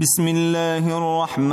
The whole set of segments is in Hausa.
بسم الله الرحمن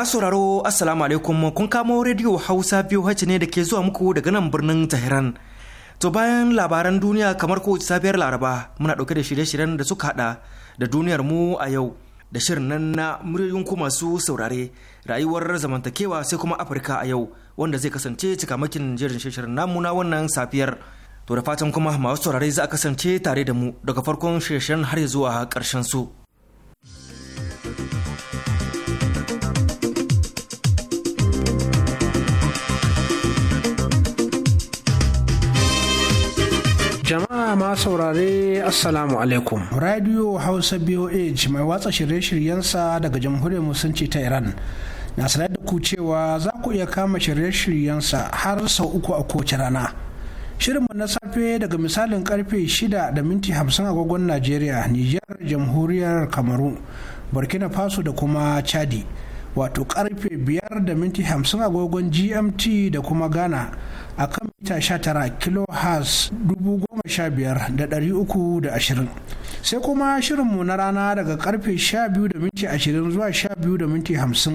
ma sauraro Assalamu alaikum kun kamo rediyo Hausa biyu hace ne da ke zuwa muku daga nan birnin Tehran. To bayan labaran duniya kamar kowace safiyar Laraba muna ɗauke da shirye-shiryen da suka hada da duniyar mu a yau da shirin nan na muryoyin ku masu saurare rayuwar zamantakewa sai kuma Afirka a yau wanda zai kasance cikamakin jerin shirin namu na wannan safiyar. To da fatan kuma masu saurare za a kasance tare da mu daga farkon shirye-shiryen har zuwa ƙarshen su. Jama'a ma saurare Assalamu alaikum. Radio Hausa boa mai watsa shirye-shiryensa daga Jamhuriyar Musulunci ta Iran. Na sanar da ku cewa za ku iya kama shirye-shiryensa har sau uku a kowace rana. Shirinmu na safe daga misalin karfe shida da minti 50 agogon Najeriya, Nijar, Jamhuriyar Kamaru, Burkina Faso da kuma Chadi. wato karfe 5 da minti 50 agogon gmt da kuma ghana a kan mita 19 kilohertz 15320 sai kuma shirinmu na rana daga karfe 12 da minti 20 zuwa 12 da minti 50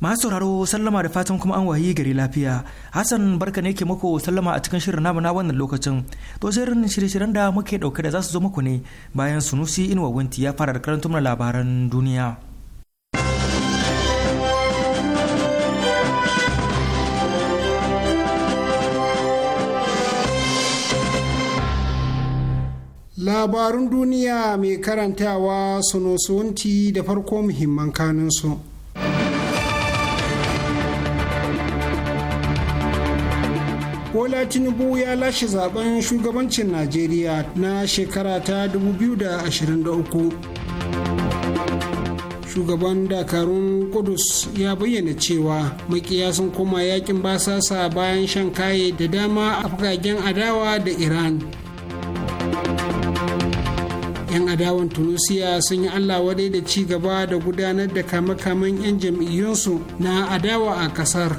masu sauraro sallama da fatan kuma an wayi gari lafiya hassan barka ne ke muku sallama a cikin shirin namu na wannan lokacin to shirin shirye-shiryen da muke dauke da za su zo muku ne bayan sunusi inuwa wanti ya fara da karanta na labaran duniya labarun duniya mai karantawa sunusunti da farko muhimman kanunsu bola tinubu ya lashe zaben shugabancin najeriya na shekara ta 2023 shugaban dakarun kudus ya bayyana cewa makiya sun koma yakin basasa bayan shan kaye da dama a fagagen adawa da iran 'yan adawan tunisia sun yi allah wadai da ci gaba da gudanar da kame-kamen 'yan jam'iyyunsu na adawa a kasar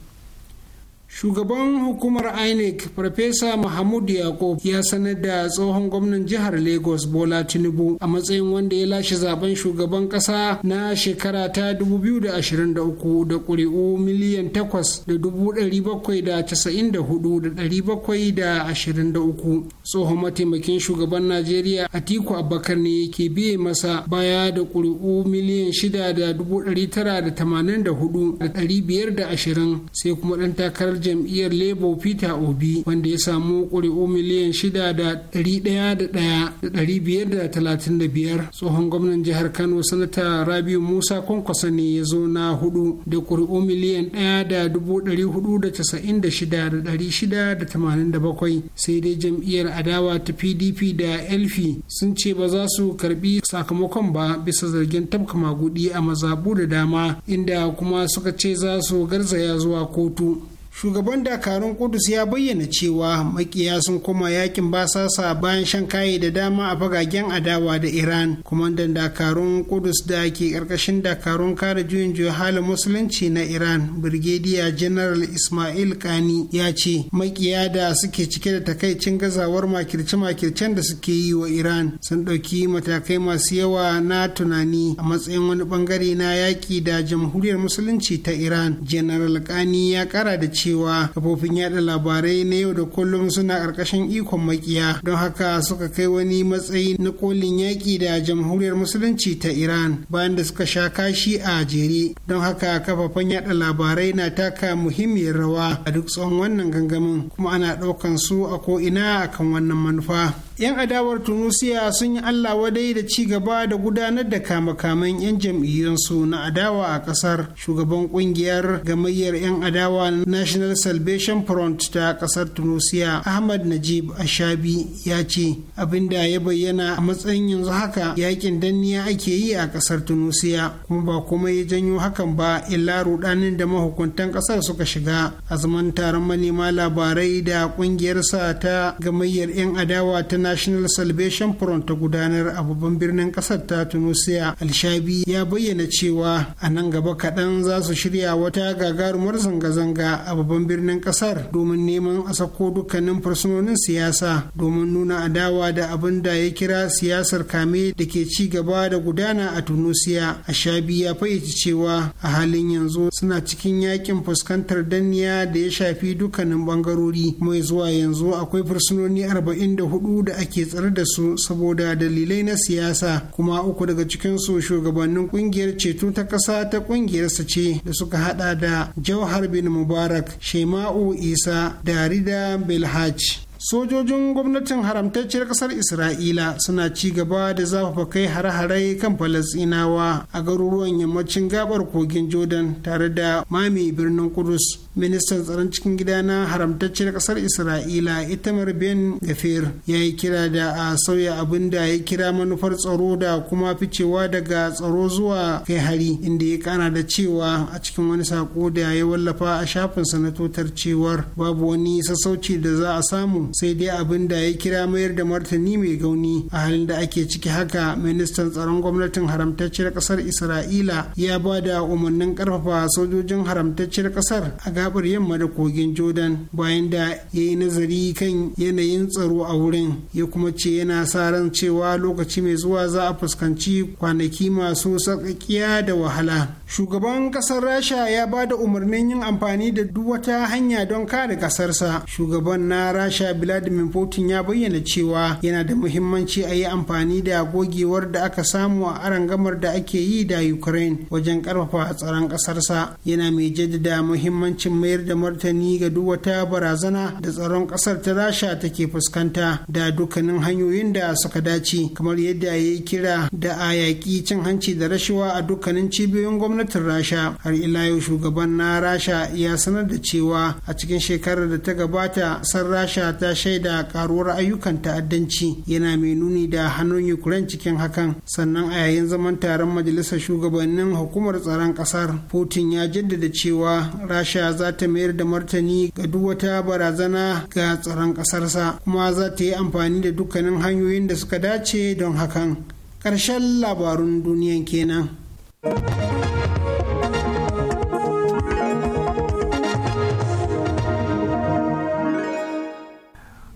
shugaban hukumar inec farfesa mahmud yakub ya sanar da tsohon gwamnan jihar lagos bola tinubu a matsayin wanda ya lashe zaben shugaban kasa na shekara ta 2023 da ƙuri'u miliyan 8,794,723 tsohon mataimakin shugaban najeriya atiku abakar ne ke biye masa baya da ƙuri'u miliyan 6,984,520 sai kuma ɗan takarar jam'iyyar labour peter obi wanda ya samu ƙuri'u miliyan shida da ɗari ɗaya da ɗaya da ɗari biyar da talatin da biyar tsohon gwamnan jihar kano sanata rabiu musa kwankwasa ne ya zo na hudu da ƙuri'u miliyan ɗaya da dubu ɗari hudu da casa'in da shida da ɗari shida da tamanin da bakwai sai dai jam'iyyar adawa ta pdp da elfi sun ce ba za su karbi sakamakon ba bisa zargin tabka magudi a mazabu da dama inda kuma suka ce za su garzaya zuwa kotu shugaban dakarun kudus ya bayyana cewa makiya sun koma yakin basasa bayan shan kayi da dama a fagagen adawa da iran kwamandan dakarun kudus da ke karkashin dakarun kare juyin halin musulunci na iran birgediya general ismail kani ya ce makiya da suke cike da takaicin gazawar makirce-makircen da suke yi wa iran sun ɗauki matakai masu yawa na tunani a matsayin wani bangare na yaƙi da jamhuriyar musulunci ta iran general kani ya kara da cewa kafofin yada labarai na yau da kullum suna ƙarƙashin ikon makiya don haka suka kai wani matsayi na kolin yaƙi da jamhuriyar musulunci ta iran bayan da suka sha kashi a jere don haka kafafen yada labarai na taka muhimmiyar rawa a duk tsawon wannan gangamin kuma ana ɗaukan su a ko ina akan wannan manufa 'yan adawar tunisia sun yi allah wadai da ci gaba da gudanar da kamakaman 'yan jam'iyyunsu na adawa a kasar shugaban kungiyar gamayyar 'yan adawa national salvation front ta kasar tunisia ahmad najib ashabi ya ce abin da ya bayyana a matsayin yanzu haka yakin danniya ake yi a kasar tunisia kuma ba kuma ya janyo hakan ba illa rudanin da mahukuntan kasar suka shiga a zaman taron manema labarai da kungiyarsa ta gamayyar 'yan adawa ta international salvation front ta gudanar a babban birnin kasar ta tunisia alshabi ya bayyana cewa a nan gaba kaɗan za su shirya wata gagarumar zanga-zanga a babban birnin kasar domin neman a sako dukkanin fursunonin siyasa domin nuna adawa da abin da ya kira siyasar kame da ke ci gaba da gudana a tunisia alshabi ya fayyace cewa a halin yanzu suna cikin yakin fuskantar danniya da ya shafi dukkanin bangarori mai zuwa yanzu akwai fursunoni arba'in da hudu da ake tsare da su saboda dalilai na siyasa kuma uku daga cikin cikinsu shugabannin kungiyar ceto ta ƙasa ta kungiyarsa ce da suka hada da jauhar bin mubarak shema'u isa da rida belhaj sojojin gwamnatin haramtacciyar kasar isra'ila suna ci gaba da zafafa kai hare-hare kan falasinawa a garuruwan yammacin gabar kogin jordan tare da mami birnin kudus ministan tsaron cikin gida na haramtacciyar kasar isra'ila itamar ben gafir ya yi kira da a sauya abin da ya kira manufar tsaro da kuma ficewa daga tsaro zuwa kai hari inda ya kana da cewa a cikin wani sako da ya wallafa a shafin sanatotar cewar babu wani sassauci da za a samu sai dai abin da ya kira mayar da martani mai gauni a halin da ake ciki haka ministan tsaron gwamnatin haramtacciyar kasar isra'ila ya ba da umarnin karfafa sojojin haramtacciyar kasar a gabar yamma da kogin jordan bayan da ya yi nazari kan yanayin tsaro a wurin ya kuma ce yana sa ran cewa lokaci mai zuwa za a fuskanci kwanaki masu sarƙaƙiya da wahala shugaban kasar rasha ya ba da umarnin yin amfani da duk wata hanya don kare kasarsa shugaban na rasha vladimir putin ya bayyana cewa yana da muhimmanci a yi amfani da gogewar da aka samu a arangamar da ake yi da ukraine wajen ƙarfafa tsaron kasarsa yana mai jaddada muhimmancin rashin mayar da martani ga duk wata barazana da tsaron kasar ta rasha take fuskanta da dukkanin hanyoyin da suka dace kamar yadda ya kira da a cin hanci da rashawa a dukkanin cibiyoyin gwamnatin rasha har ila yau shugaban na rasha ya sanar da cewa a cikin shekarar da ta gabata san rasha ta shaida karuwar ayyukan ta'addanci yana mai nuni da hannun ukraine cikin hakan sannan a yayin zaman taron majalisar shugabannin hukumar tsaron kasar putin ya jaddada cewa rasha za ta mayar da martani ga duk wata barazana ga tsaron ƙasarsa kuma za ta yi amfani da dukkanin hanyoyin da suka dace don hakan karshen labarun duniyan kenan.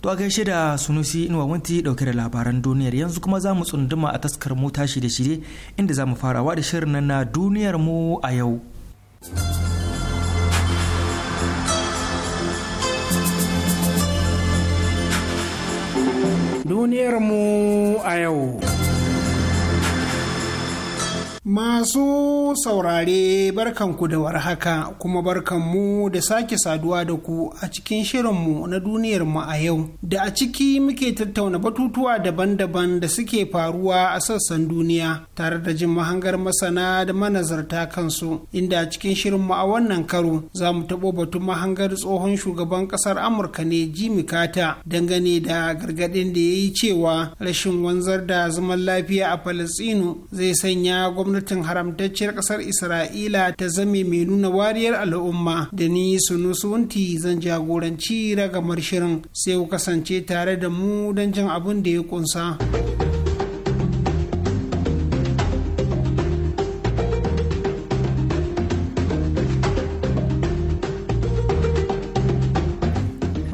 To a gaishe da Sunusi Inuwa wanti dauke da labaran duniyar yanzu kuma za mu tsunduma a taskar mu tashi da shirye inda za mu farawa da shirin na duniyar mu a yau. mu a yau. Masu saurare barkanku da warhaka kuma barkanmu da sake saduwa da ku a cikin shirinmu na duniyarmu a yau da a ciki muke tattauna batutuwa daban-daban da suke faruwa a sassan duniya tare da jin mahangar masana da manazarta kansu inda a cikin shirinmu a wannan karo za mu taɓo batun mahangar tsohon shugaban ƙasar Amurka ne Jimmy Carter dangane da gargaɗin da ya yi cewa rashin wanzar da zaman lafiya a Falasɗinu zai sanya gwamnati gwamnatin haramtacciyar kasar isra'ila ta zame mai nuna wariyar al'umma da ni sunusunti zan jagoranci ragamar shirin sai ku kasance tare da mu don jin abin da ya kunsa.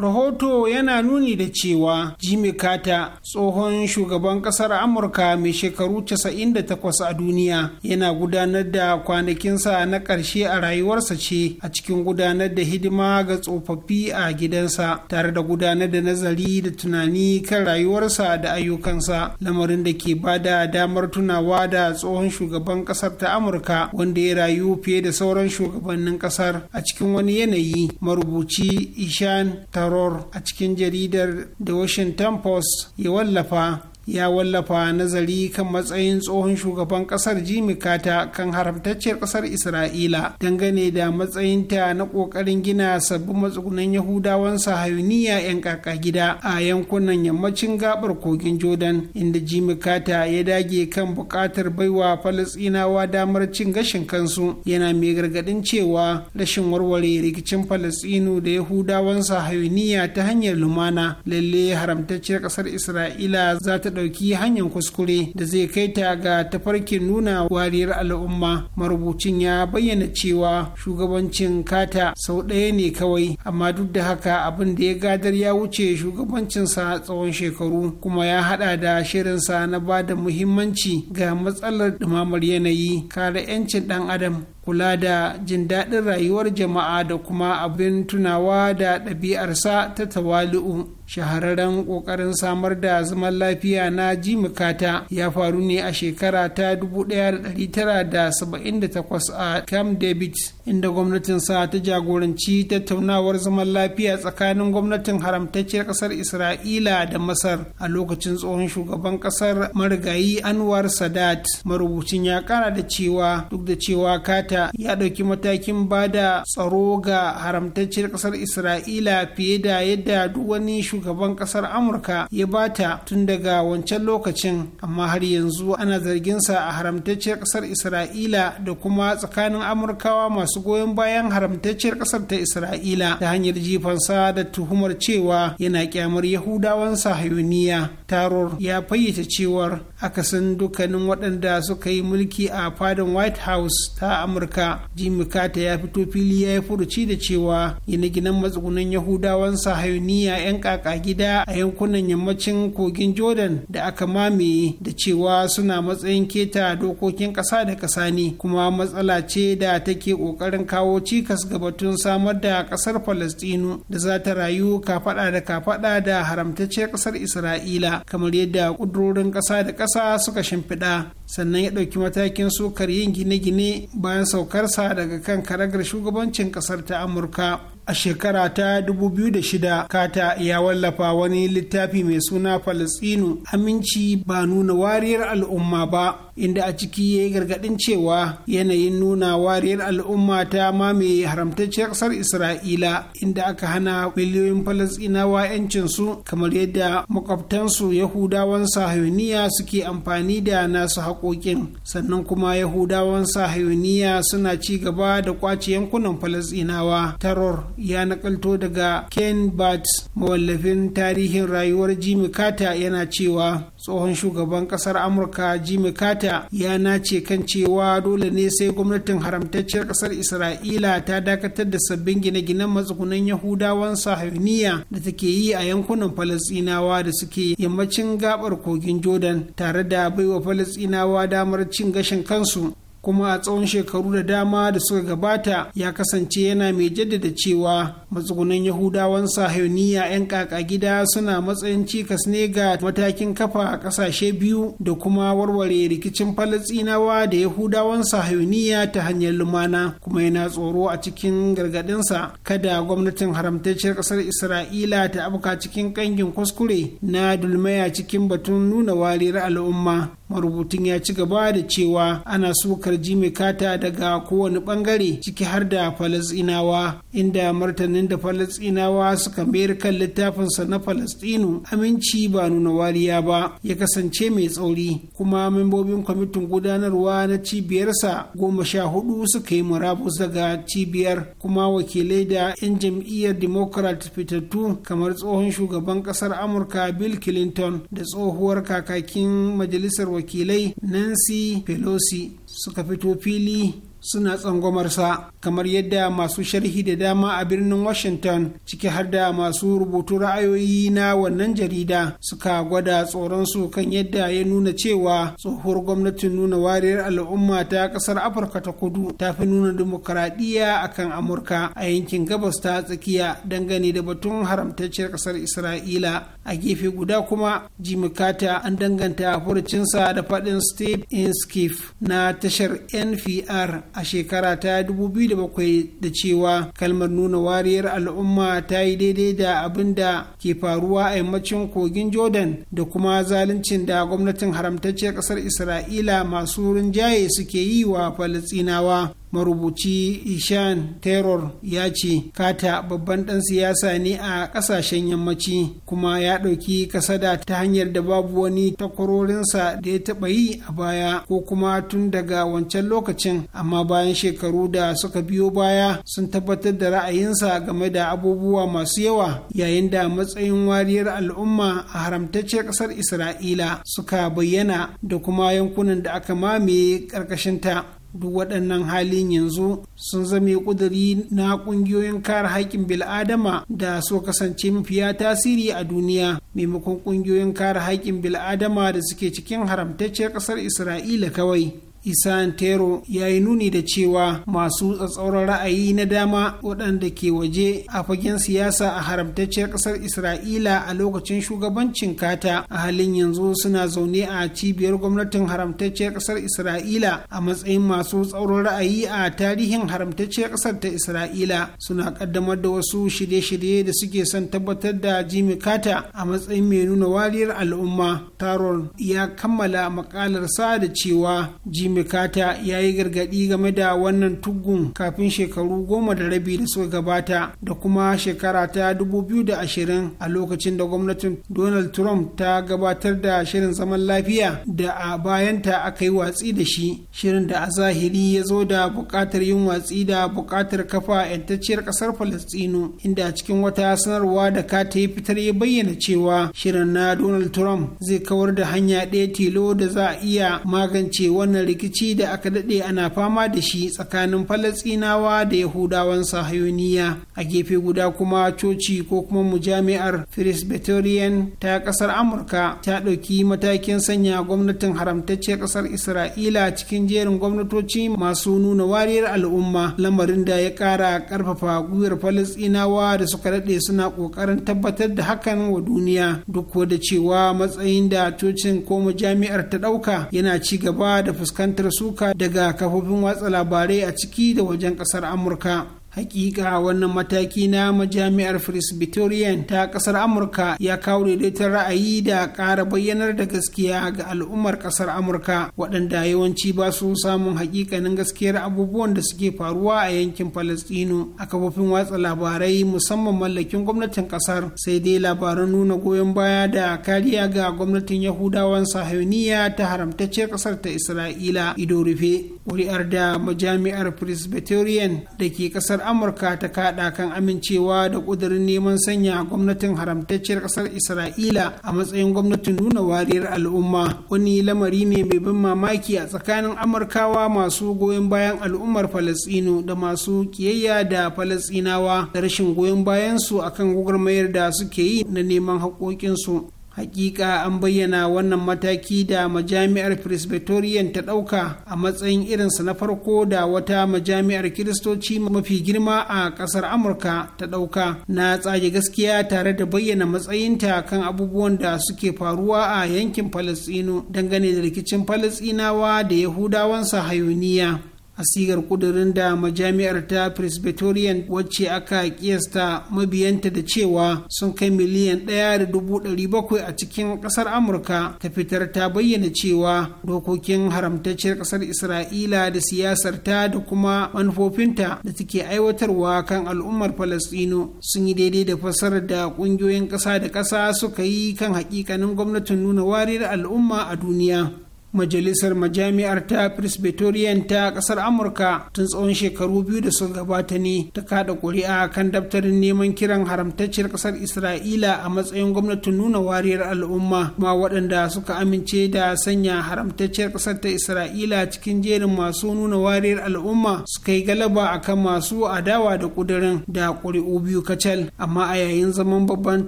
rahoto yana nuni da cewa jimmy carter tsohon shugaban kasar amurka mai shekaru 98 a duniya yana gudanar da kwanakinsa na ƙarshe a rayuwarsa ce a cikin gudanar da hidima ga tsofaffi a gidansa tare da gudanar da nazari da tunani kan rayuwarsa da ayyukansa lamarin da ke ba da damar tunawa da tsohon shugaban kasar ta amurka wanda ya rayu fiye da sauran shugabannin kasar a cikin wani yanayi marubuci ishan taror a cikin jaridar The Washington Post ya wallafa ya wallafa nazari kan matsayin tsohon shugaban kasar jimmy carter kan haramtacciyar kasar isra'ila dangane da matsayinta na kokarin gina sabbin matsugunan yahudawan sahayuniya 'yan kaka gida a yankunan yammacin gabar kogin jordan inda jimmy carter ya dage kan bukatar baiwa falasinawa damar cin gashin kansu yana mai gargadin cewa rashin warware rikicin falasinu da yahudawan sahayuniya ta hanyar lumana lalle haramtacciyar kasar isra'ila za ta ɗauki hanyar kuskure da zai kai ta ga tafarkin nuna wariyar al'umma marubucin ya bayyana cewa shugabancin kata sau ɗaya ne kawai amma duk da haka abin da ya gadar ya wuce shugabancinsa tsawon shekaru kuma ya haɗa da shirinsa na ba da muhimmanci ga matsalar ɗumamar yanayi kare 'yancin ɗan adam kula da jin daɗin rayuwar jama'a da kuma abin tunawa da ɗabi'arsa ta tawali'u shahararren ƙoƙarin samar da zaman lafiya na jimikata ya faru ne a shekara ta 1978 a camp david inda gwamnatinsa ta jagoranci tattaunawar zaman lafiya tsakanin gwamnatin haramtacciyar ƙasar isra'ila da masar a lokacin tsohon shugaban ƙasar marigayi anwar sadat marubucin ya kara da cewa duk da cewa kata ya ɗauki matakin ba da tsaro ga haramtacciyar ƙasar isra'ila fiye da yadda duk wani shugaban ƙasar amurka ya bata tun daga wancan lokacin amma har yanzu ana zarginsa a haramtacciyar ƙasar isra'ila da kuma tsakanin amurkawa masu goyon bayan haramtacciyar ƙasar ta isra'ila ta hanyar jifansa da tuhumar cewa yana kyamar yahudawan sahayuniya taror ya fayyace cewar akasin dukkanin waɗanda suka yi mulki a fadin white house ta amurka amurka jimmy carter ya fito fili ya yi furuci da cewa gine-ginen matsugunan yahudawan sahayuniya 'yan kaka gida a yankunan yammacin kogin jordan da aka mame da cewa suna matsayin keta dokokin ƙasa da ƙasa ne kuma matsala ce da take ƙoƙarin kawo cikas ga batun samar da ƙasar falastinu da za ta rayu kafaɗa da kafaɗa da haramtacciyar ƙasar isra'ila kamar yadda ƙudurorin ƙasa da ƙasa suka shimfiɗa sannan ya ɗauki matakin sukar yin gine-gine bayan saukarsa daga kan karagar shugabancin ƙasar ta amurka a shekara ta 2006 kata ya wallafa wani littafi mai suna falasinu aminci ba nuna wariyar al'umma ba inda a ciki ya yi gargadin cewa yanayin nuna wariyar al'umma ta mamaye haramtacciyar ƙasar isra'ila inda aka hana miliyoyin falasinawa 'yancinsu kamar yadda makwabtansu yahudawan sahayuniya suke amfani da nasu haƙoƙin sannan kuma yahudawan sahayuniya suna ci gaba da ƙwace yankunan falasinawa taror ya nakalto daga ken bats mawallafin tarihin rayuwar jimmy carter yana cewa tsohon shugaban kasar amurka jimmy carter ya nace kan cewa dole ne sai gwamnatin haramtacciyar kasar isra'ila ta dakatar da sabbin gine-ginen matsugunan yahudawan sahiniya da take yi a yankunan falasinawa da suke yammacin gabar kogin jordan tare da baiwa falasinawa damar cin gashin kansu kuma a tsawon shekaru da dama da suka gabata ya kasance yana mai jaddada cewa matsugunan yahudawan sahiyoniya 'yan kaka gida suna matsayin cikas ne ga matakin kafa a ƙasashe biyu da kuma warware rikicin falastinawa da yahudawan sahiyoniya ta hanyar lumana kuma yana tsoro a cikin gargadinsa. kada gwamnatin haramtacciyar ƙasar isra'ila ta abuka cikin ƙangin kuskure na dulmaya cikin batun nuna wariyar al'umma marubutin ya ci gaba da cewa ana suka mallakar jimikata kata daga kowane bangare ciki har da falasinawa inda martanin da falasinawa suka mayar kan littafinsa na falasdinu aminci ba nuna wariya ba ya kasance mai tsauri kuma membobin kwamitin gudanarwa na cibiyarsa goma sha hudu suka yi murabus daga cibiyar kuma wakilai da 'yan jam'iyyar democrat fitattu kamar tsohon shugaban kasar amurka bill clinton da tsohuwar kakakin majalisar wakilai nancy pelosi suka fito fili suna tsangwamarsa kamar yadda masu sharhi da dama a birnin washington ciki har da masu rubutu ra'ayoyi na wannan jarida suka gwada tsoron su kan yadda ya nuna cewa tsohuwar gwamnatin nuna wariyar al'umma ta kasar afirka ta kudu ta fi nuna dimokuraɗiyya a kan amurka a yankin gabas ta tsakiya dangane da batun haramtacciyar kasar isra'ila a gefe guda kuma jimmy carter an danganta furucinsa da faɗin steve inskif na tashar npr a shekara ta 2007 da cewa kalmar nuna wariyar al'umma ta yi daidai da abin da ke faruwa a yammacin kogin jordan da kuma zaluncin da gwamnatin haramtacciyar kasar isra'ila masu rinjaye suke yi wa falastinawa marubuci ishan terror ya ce kata babban dan siyasa ne a kasashen yammaci kuma ya ɗauki kasada ta hanyar da babu wani takwarorinsa da ya taɓa yi a baya ko kuma tun daga wancan lokacin amma bayan shekaru da suka biyo baya sun tabbatar da ra'ayinsa game da abubuwa masu yawa yayin da matsayin wariyar al'umma a haramtacciyar ƙasar isra'ila suka bayyana da kuma yankunan da aka mamaye ƙarƙashinta duk waɗannan halin yanzu sun zame ƙuduri na ƙungiyoyin kare haƙƙin bil'adama da so kasance mafiya tasiri a duniya maimakon ƙungiyoyin kare haƙƙin bil'adama da suke cikin haramtacciyar ƙasar isra'ila kawai isa Isantero ya yi nuni da cewa masu tsatsauran ra'ayi na dama waɗanda ke waje a fagen siyasa a haramtacciyar ƙasar Isra'ila a lokacin shugabancin kata a halin yanzu suna zaune a cibiyar gwamnatin haramtacciyar ƙasar Isra'ila a matsayin masu tsauran ra'ayi a tarihin haramtacciyar ƙasar ta Isra'ila suna ƙaddamar da wasu shirye-shirye da suke son tabbatar da Jimmy Carter a matsayin mai nuna wariyar al'umma. Taron ya kammala makalarsa da cewa Jimmy Mikata ya yi gargaɗi game da wannan tuggun kafin shekaru goma da rabi da suka gabata da kuma shekara ta 2020 a lokacin da gwamnatin Donald Trump ta gabatar da shirin zaman lafiya da a bayanta aka yi watsi da shi shirin da a zahiri ya zo da buƙatar yin watsi da buƙatar kafa 'yantacciyar ƙasar Falastinu inda cikin wata sanarwa da ka ta yi fitar ya bayyana cewa shirin na Donald Trump zai kawar da hanya ɗaya tilo da za a iya magance wannan rikici da aka daɗe ana fama da shi tsakanin falasinawa da yahudawan sahayoniya a gefe guda kuma coci ko kuma mujami'ar presbyterian ta ƙasar amurka ta ɗauki matakin sanya gwamnatin haramtacciyar ƙasar isra'ila cikin jerin gwamnatoci masu nuna wariyar al'umma lamarin da ya ƙara ƙarfafa gwiwar falasinawa da suka daɗe suna ƙoƙarin tabbatar da hakan wa duniya duk da cewa matsayin da cocin ko mujami'ar ta ɗauka yana ci gaba da fuskantar fuskantar suka daga kafofin watsa labarai a ciki da wajen kasar amurka hakika wannan mataki na majami'ar presbyterian ta kasar amurka ya kawo daidaitar ra'ayi da ƙara bayyanar da gaskiya ga al'ummar kasar amurka waɗanda yawanci ba su samun hakikanin gaskiyar abubuwan da suke faruwa a yankin palestino a kafofin watsa labarai musamman mallakin gwamnatin kasar sai dai labaran nuna goyon baya da kariya ga gwamnatin yahudawan sahayoniya ta haramtacce kasar ta isra'ila ido rufe ƙuri'ar da majami'ar presbyterian da ke kasar ƙasar amurka ta kaɗa kan amincewa da ƙudurin neman sanya gwamnatin haramtacciyar ƙasar isra'ila a matsayin gwamnatin nuna wariyar al'umma wani lamari ne mai ban mamaki a tsakanin amurkawa masu goyon bayan al'ummar falastinu da masu kiyayya da falastinawa da rashin goyon bayansu akan gwagwarmayar da suke yi na neman haƙoƙinsu hakika an bayyana wannan mataki da majami'ar presbyterian ta ɗauka a matsayin irinsa na farko da wata majami'ar kiristoci mafi girma a ƙasar amurka ta ɗauka na tsage gaskiya tare da bayyana matsayinta kan abubuwan da suke faruwa a yankin falastinu dangane da rikicin falastinawa da yahudawan sahayoniya asigar ƙudurin da majami'ar ta presbyterian wacce aka kiyasta mabiyanta da cewa sun kai miliyan ɗaya da dubu ɗari bakwai a cikin ƙasar amurka ta fitar ta bayyana cewa dokokin haramtacciyar ƙasar isra'ila da siyasarta da kuma manufofinta da take aiwatarwa kan al'ummar falastino sun yi daidai da fasar da ƙungiyoyin ƙasa da ƙasa suka yi kan hakikanin gwamnatin nuna wariyar al'umma a duniya majalisar majami'ar ta presbyterian ta ƙasar amurka tun tsawon shekaru biyu da suka gabata ne ta kada ƙuri'a kan daftarin neman kiran haramtacciyar ƙasar isra'ila a matsayin gwamnatin nuna wariyar al'umma ma waɗanda suka amince da sanya haramtacciyar ƙasar ta isra'ila cikin jerin masu nuna wariyar al'umma suka yi galaba akan masu adawa da kudirin da ƙuri'u biyu kacal amma a yayin zaman babban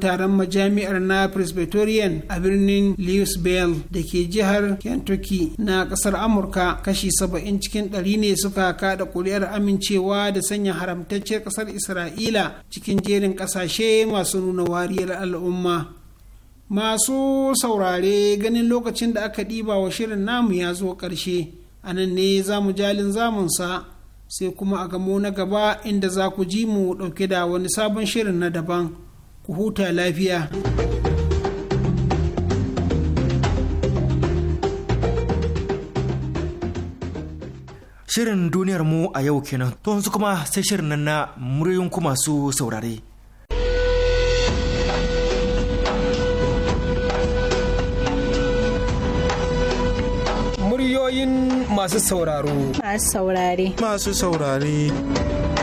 taron majami'ar na presbyterian a birnin louisville da ke jihar kent sarki na ƙasar amurka kashi saba'in cikin ɗari ne suka kada ƙuri'ar amincewa da sanya haramtacciyar ƙasar isra'ila cikin jerin ƙasashe masu nuna wariyar al'umma masu saurare ganin lokacin da aka ɗiba wa shirin namu ya zo ƙarshe a nan ne za mu jalin zamunsa sai kuma a gamo na gaba inda za ku ji mu ɗauke da wani sabon shirin na daban ku huta lafiya. Shirin duniyar mu a yau kenan to yanzu kuma sai shirin nan na muryoyin ku masu saurare. Muryoyin masu sauraro. Masu saurare. Masu saurare.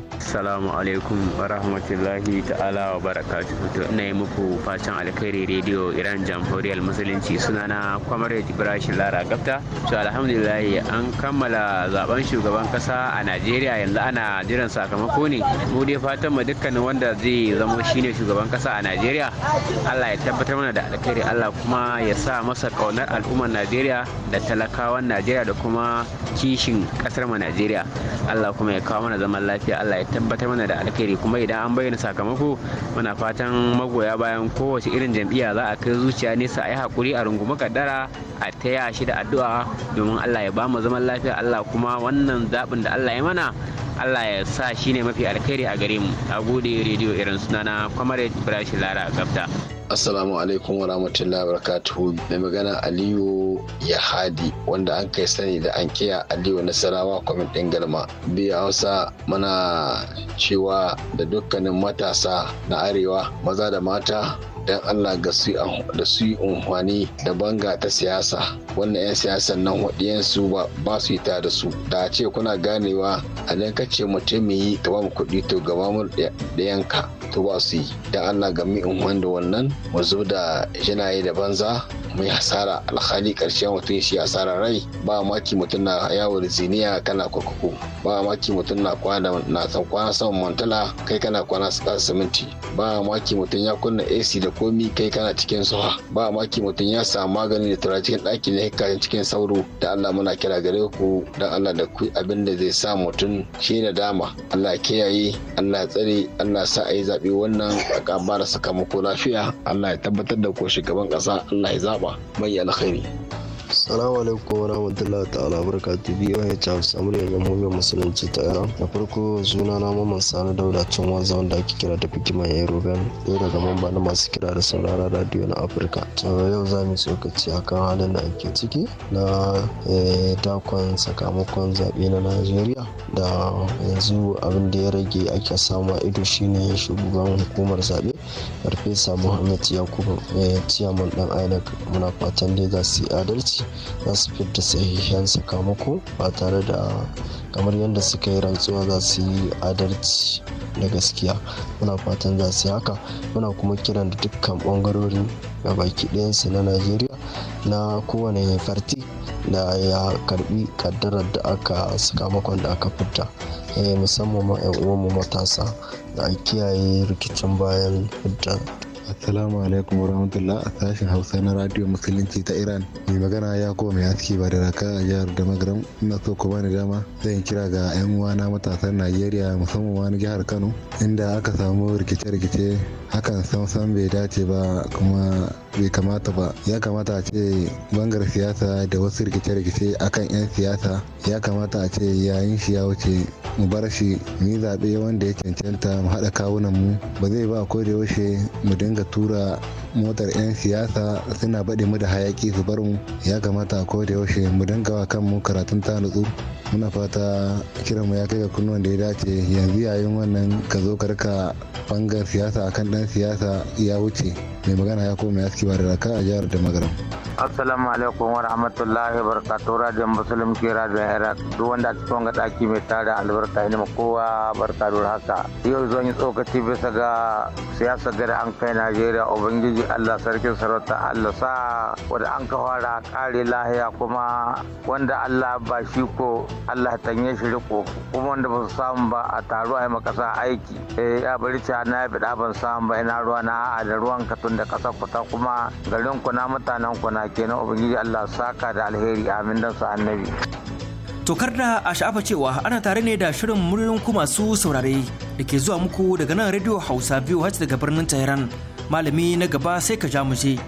assalamu alaikum wa rahmatullahi ta'ala wa barakatuhu to ina yi muku fatan alkhairi rediyo iran jamhuriyar musulunci suna na kwamar ibrahim lara gafta to alhamdulillah an kammala zaben shugaban kasa a najeriya yanzu ana jiran sakamako ne mu dai fatan mu dukkanin wanda zai zama shine shugaban kasa a najeriya allah ya tabbatar mana da alkhairi allah kuma ya sa masa kaunar al'ummar najeriya da talakawan najeriya da kuma kishin kasar mu najeriya allah kuma ya kawo mana zaman lafiya allah ya tabbatar mana da alkhairi kuma idan an bayyana sakamako muna fatan magoya bayan kowace irin jam'iyya za a kai zuciya nesa a yi hakuri a rungumi kaddara a taya shi da addu'a domin Allah ya bamu zaman lafiya Allah kuma wannan zaɓin da Allah ya mana Allah ya sa shi ne mafi alkhairi a gare mu a gode rediyo irin sunana kwamare Ibrahim Lara Gabta. Assalamu alaikum wa rahmatullahi wa barakatuhu. Mai magana Aliyu Yahadi wanda an kai sani da an kiya Aliyu Nasarawa kwamin ɗin galma. Biya Hausa mana cewa da dukkanin matasa na Arewa maza da mata don allah ga su da su yi unhwani da banga ta siyasa wannan 'yan siyasan nan waɗiyansu ba su yi ta da su da a ce kuna ganewa a nan kace mutum yi ka ba mu kuɗi to gaba mu da yanka to ba su yi don allah ga mi unhwani da wannan mu zo da jinaye da banza mu yi hasara alhali ƙarshen mutum shi hasara rai ba maki mutum na yawo da ziniya kana kwakwako ba maki mutum na kwana na kwana saman mantala kai kana kwana su siminti ba maki mutum ya kunna ac da komi kai kana cikin suha ba a maki mutum ya samu magani da tura cikin ɗaki ne kayan cikin sauro da Allah muna kira gare ku dan Allah da ku abin da zai sa mutum shi da dama Allah kiyaye Allah tsare Allah sa a yi zaɓe wannan a da sakamako lafiya Allah ya tabbatar da ko shugaban ƙasa Allah ya zaɓa mai alkhairi. Salamu alaikum wa rahmatullahi ta'ala barakatuh wa ya Charles da Jamhuriyar Musulunci ta Iran. Da farko suna na Maman Sani Dauda wanzan wanda ake kira da mai Erogan ɗaya daga mamba na masu kira da sauraron radio na Afirka. To yau za mu tsokaci a kan halin da ake ciki na eh, takon sakamakon zaɓe na Najeriya da yanzu abin da ya rage ake samu ido shine shugaban hukumar zaɓe Farfesa Muhammad Yakubu eh, ciyaman ɗan INEC muna fatan dai za su yi adalci za su fitar sahihan sakamako ba tare da kamar yadda suka yi rantsuwa za su yi adalci da gaskiya muna fatan za su yi haka muna kuma kiran da dukkan bangarorin ga baki ɗayansu na najeriya na kowane farti da ya karbi kaddarar da aka sakamakon da aka fita eh, musamman ma 'yan uwanmu matasa da a kiyaye rikicin bayan fitar Assalamu alaikum wa rahmatullah a sashen Hausa na Radio Musulunci ta Iran. Mai magana ya koma mai aski ba da raka a jihar Damagaram. Ina so ku bani dama zan kira ga 'yan uwana matasan Najeriya musamman wani jihar Kano inda aka samu rikice-rikice hakan san bai dace ba kuma bai kamata ba ya kamata a ce bangar siyasa da wasu rikice-rikice akan 'yan siyasa ya kamata a ce yayin shi ya wuce mu bar shi ni zaɓe wanda ya cancanta mu haɗa kawunan mu ba zai ba ko da yaushe mu dinga candidatura motar 'yan siyasa suna baɗi mu da hayaki su bar mu ya kamata ko da yaushe mu dinga wa kanmu karatun ta nutsu muna fata kiran mu ya kai ga kunnuwan da ya dace yanzu yayin wannan ka zo ka rika bangar siyasa akan dan siyasa ya wuce mai magana ya koma ya ba da raka a jihar da magaram assalamu alaikum wa rahmatullahi wa barakatuh radiyon musulun ke radiyon iraq duk wanda a cikin wanga daki mai tara albarka ina kowa barka da haka yau zan yi tsokaci bisa ga siyasar gari an kai najeriya ubangiji ubangiji allah sarkin sarauta allah sa wanda an ka fara kare lahiya kuma wanda allah ba shi ko allah tanye shi riko kuma wanda ba su samu ba a taro a yi makasa aiki eh ya bari ta na ya bida ban samu ba ina ruwa na a da ruwan ka tun da kasar ku kuma garin ku na mutanen ku na kenan ubangiji allah saka da alheri amin da su annabi Tokar da a sha'afa cewa ana tare ne da shirin muryoyin ku masu saurare da ke zuwa muku daga nan Radio Hausa biyu hajji daga birnin Tehran. malami na gaba sai ka ja mu je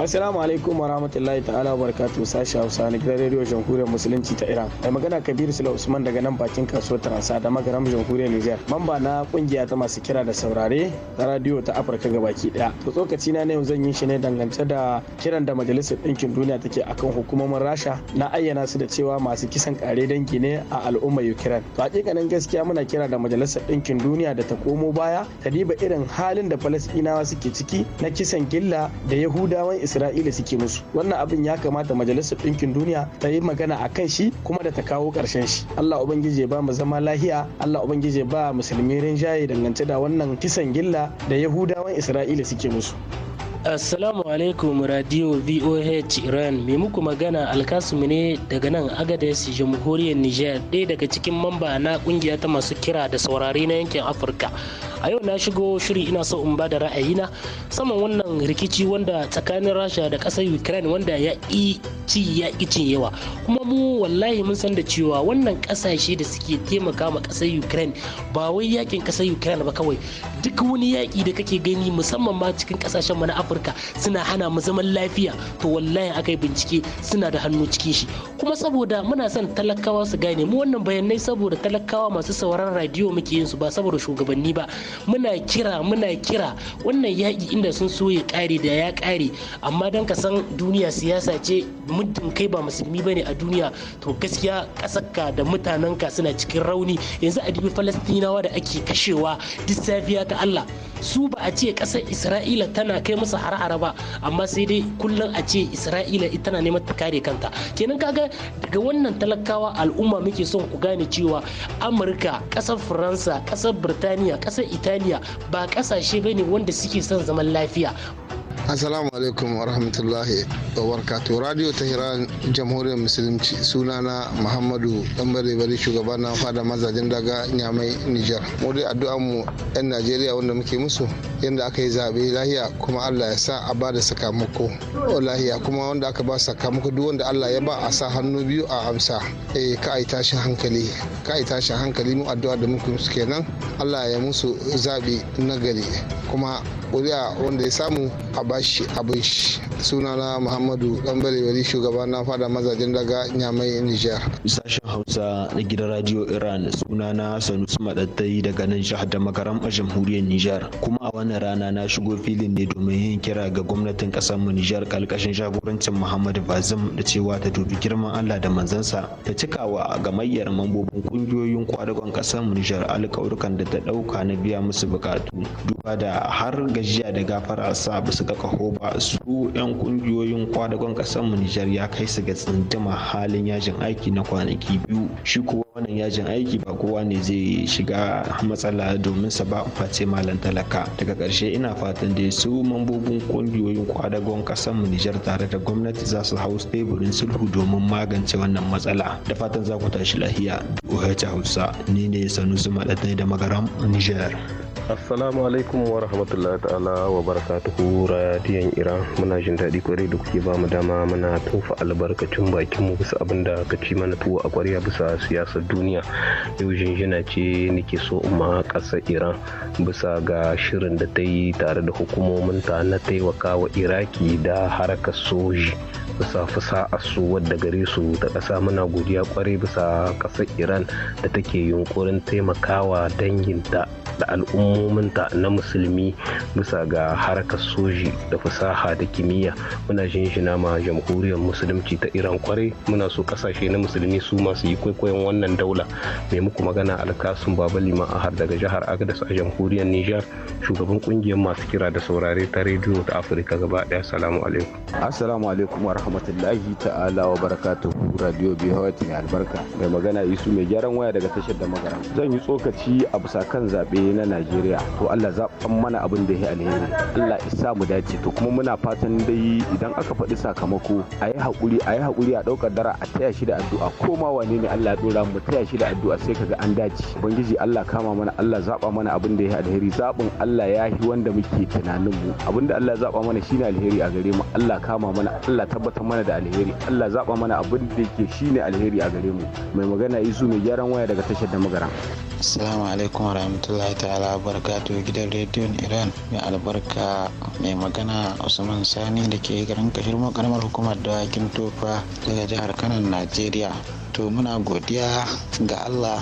Assalamu alaikum wa rahmatullahi ta'ala wa barakatuhu sashi Hausa na gidan rediyo Jamhuriyar Musulunci ta Iran. Mai magana Kabiru Sula Usman daga nan bakin kasuwar Taransa da magaram Jamhuriyar Nijar. Mamba na kungiya ta masu kira da saurare ta radio ta Afirka gabaki daya. To tsokaci na yau zan yi shi ne dangance da kiran da Majalisar Ɗinkin Duniya take akan hukumomin Rasha na ayyana su da cewa masu kisan kare dangi ne a al'ummar Ukraine. To hakikanin gaskiya muna kira da Majalisar Ɗinkin Duniya da ta komo baya ta diba irin halin da Falasɗinawa suke ciki na kisan gilla da Yahudawan isra'ila suke musu wannan abin ya kamata majalisar ɗinkin duniya ta yi magana a kan shi kuma da ta kawo ƙarshen shi allah ubangiji ba mu zama lahiya allah ubangiji ba musulmi rinjaye dangance da wannan kisan gilla da yahudawan isra'ila suke musu Assalamu alaikum radio VOH Iran mai muku magana alkasumi ne daga nan Agadez jamhuriyar Nijar ɗaya daga cikin mamba na kungiya ta masu kira da saurari na yankin Afirka. A yau na shigo shiri ina so in bada ra'ayina saman wannan rikici wanda tsakanin Rasha da ƙasar Ukraine wanda ya ci ya ƙicin yawa. Kuma mu wallahi mun san da cewa wannan ƙasashe da suke taimaka ma ƙasar Ukraine ba wai yakin ƙasar Ukraine ba kawai duk wani yaƙi da kake gani musamman ma cikin ƙasashen mu na afirka suna hana mu zaman lafiya to wallahi yi bincike suna da hannu cikin shi kuma saboda muna son talakawa su gane mu wannan bayanai saboda talakawa masu sauraron radio muke yin su ba saboda shugabanni ba muna kira muna kira wannan yaƙi inda sun so ya ƙare da ya ƙare amma dan ka san duniya siyasa ce muddin kai ba musulmi ba ne a duniya to gaskiya ƙasarka da mutanenka suna cikin rauni yanzu a dubi falastinawa da ake kashewa duk safiya ta Allah su ba a ce ƙasar Isra'ila tana kai musu hare ba amma sai dai kullum a ce isra'ila tana neman ta kare kanta kenan kaga daga wannan talakawa al'umma muke son ku gane cewa amurka ƙasar faransa ƙasar birtaniya ƙasar italiya ba ƙasashe bane wanda suke son zaman lafiya Assalamu alaikum wa rahmatullahi wa barakatuh. Radio Tehran Jamhuriyar Musulunci sunana Muhammadu Dambare Bari shugaban na fada mazajen daga Nyamai Nijar. Mu dai mu 'yan Najeriya wanda muke musu yadda aka yi zabe lahiya kuma Allah ya sa a bada sakamako. lahiya kuma wanda aka ba sakamako duk wanda Allah ya ba a sa hannu biyu a amsa. Eh ka ai tashi hankali. Ka ai tashi hankali mu addu'a da muke musu kenan. Allah ya musu zabi nagari gari kuma ƙuri'a wanda ya samu a bashi abin shi sunana muhammadu ɗanbare wali shugaba na fada mazajen daga nyamai nijar sashen hausa na gidan radio iran sunana sanusi maɗattai daga nan jihar da makaram a jamhuriyar nijar kuma a wannan rana na shigo filin ne domin yin kira ga gwamnatin ƙasar mu nijar ƙalƙashin jagorancin muhammadu bazim da cewa ta dubi girman allah da manzansa ta cikawa gamayyar mambobin ƙungiyoyin kwadagon ƙasar mu nijar alƙawurkan da ta ɗauka na biya musu bukatu duba da har ga gajiya da gafara sa ba su ga kaho ba su 'yan kungiyoyin kwadagon kasar mu Nijar ya kai su ga tsunduma halin yajin aiki na kwanaki biyu shi kuwa wannan yajin aiki ba kowa ne zai shiga matsala domin sa ba face malam talaka daga karshe ina fatan da su mambobin kungiyoyin kwadagon kasar mu Nijar tare da gwamnati za su hau teburin sulhu domin magance wannan matsala da fatan za ku tashi lahiya OH Hausa ni ne Sanusi Maɗaɗai da Magaram Nijar. Assalamu alaikum wa rahmatullahi ta'ala wa barakatuhu radiyan Iran muna jin daɗi kwarai da kuke ba mu dama muna tofa albarkacin bakin mu bisa abin da ka ci mana tuwo a kwarya bisa siyasar duniya yau jinjina ce nake so in ma ƙasa Iran bisa ga shirin da ta yi tare da hukumomin ta na taimaka wa Iraki da harkar soji bisa a su wadda gare su ta ƙasa muna godiya kwarai bisa ƙasar Iran da take yunkurin taimakawa danginta da al'ummominta na musulmi bisa ga harkar soji da fasaha da kimiyya muna jinjina ma jamhuriyar musulunci ta iran kwarai muna so kasashe na musulmi su masu yi kwaikwayon wannan daula mai muku magana alkasun baba liman ahar daga jihar agadas a jamhuriyar nijar shugaban kungiyar masu kira da saurare ta rediyo ta afirka gaba daya salamu alaikum assalamu alaikum wa rahmatullahi ta'ala wa barakatuhu radio bihawat mai albarka mai magana isu mai gyaran waya daga tashar da magana zan yi tsokaci a bisa kan zaɓe na najeriya to allah zaɓan mana abin da ya alheri allah isa mu dace to kuma muna fatan dai idan aka faɗi sakamako a yi haƙuri a yi haƙuri a ɗaukar dara a taya shi da addu'a ko ma wane ne allah ya ɗora mu taya shi da addu'a sai kaga an dace ubangiji allah kama mana allah zaɓa mana abin da ya alheri zaɓin allah ya yi wanda muke tunanin mu abin da allah zaɓa mana shine alheri a gare mu allah kama mana allah tabbatar mana da alheri allah zaɓa mana abin da yake shine alheri a gare mu mai magana isu mai gyaran waya daga tashar da magara assalamu alaikum ta'ala to gidan rediyon iran mai albarka mai magana usman sani da ke garin kashirma karamar hukumar dawakin tofa daga jihar kanan najeriya to muna godiya ga allah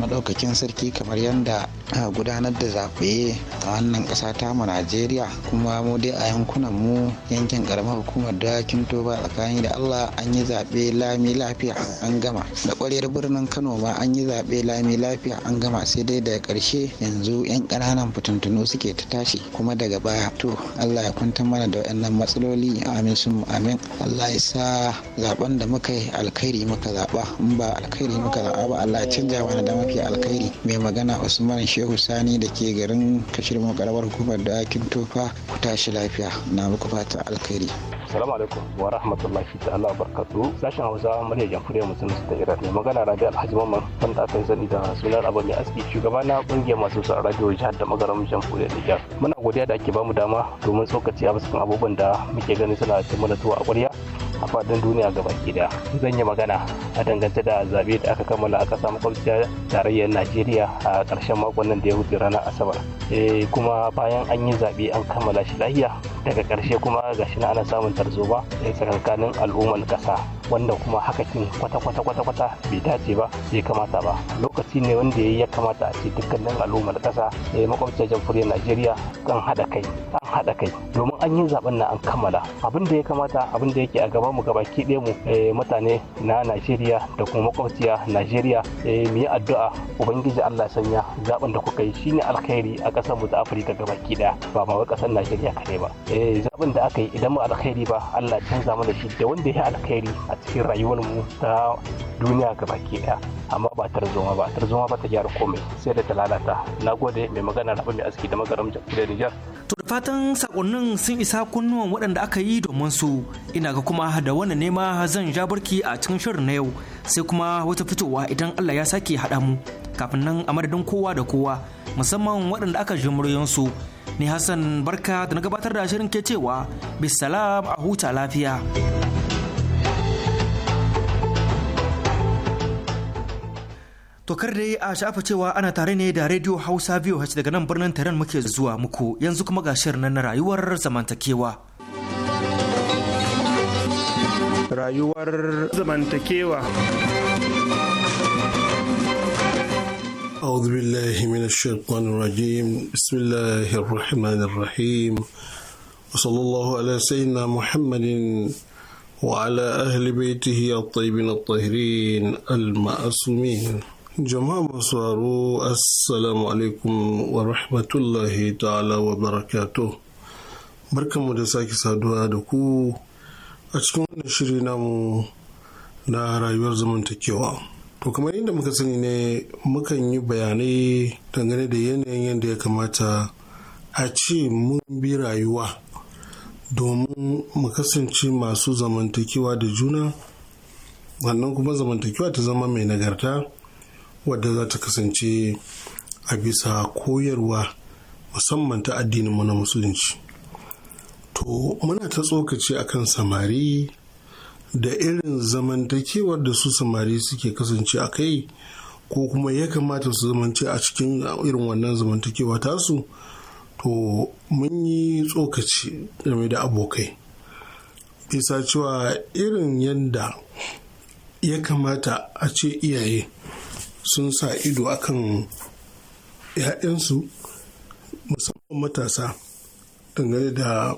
maɗaukakin sarki kamar yadda gudanar da zaɓe a wannan ƙasa ta mu najeriya kuma mu dai a yankunan mu yankin ƙaramar hukumar dakin ba tsakani da allah an yi zaɓe lami lafiya an gama da ƙwarewar birnin kano ma an yi zaɓe lami lafiya an gama sai dai da ƙarshe yanzu 'yan ƙananan fitintunu suke ta tashi kuma daga baya to allah ya kwantar mana da waɗannan matsaloli amin sun amin allah ya sa zaɓen da muka yi alkhairi muka zaɓa in ba alkhairi muka zaɓa ba Allah canja mana da mafi alkhairi mai magana Usman Shehu Sani da ke garin Kashir Makarwar hukumar da Akin Tofa ku tashi lafiya na muku fata alkhairi. Assalamu alaikum wa rahmatullahi ta'ala wa barkatu Sashen Hausa murya jamhuriyar musulunci da Iran. Mai magana Rabi Alhaji Mamman wanda aka yi zani da sunan Abu Mai Aski shugaban na kungiyar masu sa radio jihar da magaram jamhuriyar Nijar. Muna godiya da ake bamu dama domin tsokaci a bisa abubuwan da muke ganin suna cimma mana tuwa a ƙwarya. a faɗin duniya ga baki daya zan yi magana a dangance da zaɓe da aka kammala a ƙasa makwabciyar tarayyar najeriya a ƙarshen makon nan da ya wuce ranar asabar eh, kuma bayan an yi zaɓe an kammala shi lahiya daga ƙarshe kuma shi na ana samun tarzoma a tsakankanin al'ummar ƙasa wanda kuma hakakin kwata-kwata kwata-kwata bai dace ba bai kamata ba lokaci ne wanda ya kamata a ce dukkanin al'ummar ƙasa eh, makwabciyar jamhuriyar najeriya kan haɗa kai an haɗa kai domin an yi zaɓen na an kammala abin da ya kamata abin da yake a gaba kasar mu gabaki ɗaya mu eh, mutane na Najeriya da kuma makwabciya Najeriya eh, mu yi addu'a ubangiji Allah sanya zaben da kuka yi shine alkhairi a kasar mu ta Afirka gabaki ɗaya ba ma wai kasar Najeriya kare ba eh, zaben da aka yi idan mu alkhairi ba Allah canza mana shi da wanda ya alkhairi a cikin rayuwar mu ta duniya gabaki ɗaya amma ba tarzoma ba tarzoma ba ta gyara komai sai da ta lalata gode mai magana rabu mai aski da magaram jamhuriyar Nijar to da fatan sakonnin sun isa kunnuwan waɗanda aka yi domin su ina ga kuma da wani nema zan ja barki a cikin shirin na yau sai kuma wata fitowa idan Allah ya sake haɗa mu kafin nan a madadin kowa da kowa musamman waɗanda aka ji su ni Hassan barka da na gabatar da shirin ke cewa bisalam a huta lafiya. To kar dai a shafa cewa ana tare ne da Radio Hausa VOH daga nan birnin Taran muke zuwa muku yanzu kuma ga shirin na rayuwar zamantakewa. rayuwar zamantakewa أعوذ بالله من الشيطان الرجيم بسم الله الرحمن الرحيم وصلى الله على سيدنا محمد وعلى أهل بيته الطيبين الطاهرين المعصومين جماعة مصارو السلام عليكم ورحمة الله تعالى وبركاته بركة مدساك سادوها دكو a cikin wannan shiri namu na rayuwar zamantakewa to kamar yadda muka sani ne mukan yi bayanai dangane da yanayin yadda ya kamata a ce mun bi rayuwa domin mu kasance masu zamantakewa da juna wannan kuma zamantakewa ta zama mai nagarta wadda za ta kasance a bisa koyarwa musamman ta addininmu na musulunci to muna ta tsokaci akan samari da irin zamantakewar da su samari suke kasance a kai ko kuma ya kamata su zamance a cikin irin wannan zamantakewa tasu to mun yi tsokaci game da abokai bisa cewa irin yadda ya kamata a ce iyaye sun sa ido akan 'ya'yansu musamman matasa dangane da